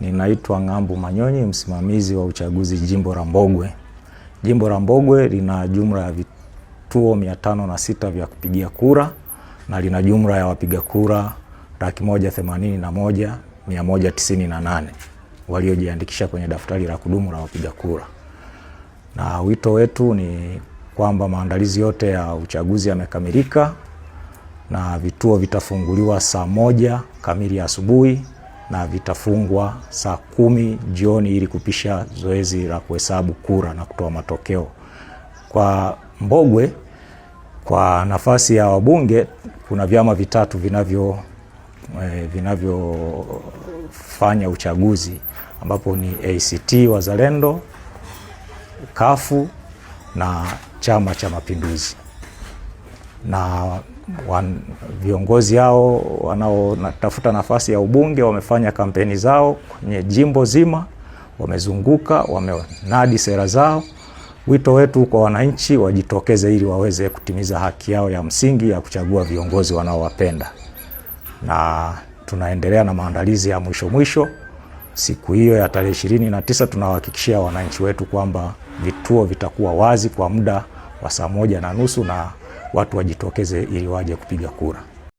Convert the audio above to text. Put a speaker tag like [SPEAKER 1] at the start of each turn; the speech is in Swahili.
[SPEAKER 1] Ninaitwa Ng'ambu Manyonyi, msimamizi wa uchaguzi jimbo la Mbogwe. Jimbo la Mbogwe lina jumla ya vituo sita vya kupigia kura na lina jumla ya wapiga kura laki moja themanini na moja mia moja tisini na nane waliojiandikisha kwenye daftari la kudumu la wapiga kura, na wito wetu ni kwamba maandalizi yote ya uchaguzi yamekamilika na vituo vitafunguliwa saa moja kamili asubuhi na vitafungwa saa kumi jioni ili kupisha zoezi la kuhesabu kura na kutoa matokeo. Kwa Mbogwe, kwa nafasi ya wabunge kuna vyama vitatu vinavyo eh, vinavyofanya uchaguzi ambapo ni ACT Wazalendo, kafu na Chama cha Mapinduzi na wan, viongozi hao wanaotafuta nafasi ya ubunge wamefanya kampeni zao kwenye jimbo zima, wamezunguka, wamenadi sera zao. Wito wetu kwa wananchi wajitokeze ili waweze kutimiza haki yao ya msingi ya kuchagua viongozi wanaowapenda, na tunaendelea na maandalizi ya mwisho mwisho. Siku hiyo ya tarehe ishirini na tisa tunawahakikishia wananchi wetu kwamba vituo vitakuwa wazi kwa muda wa saa moja na nusu na watu wajitokeze ili waje kupiga kura.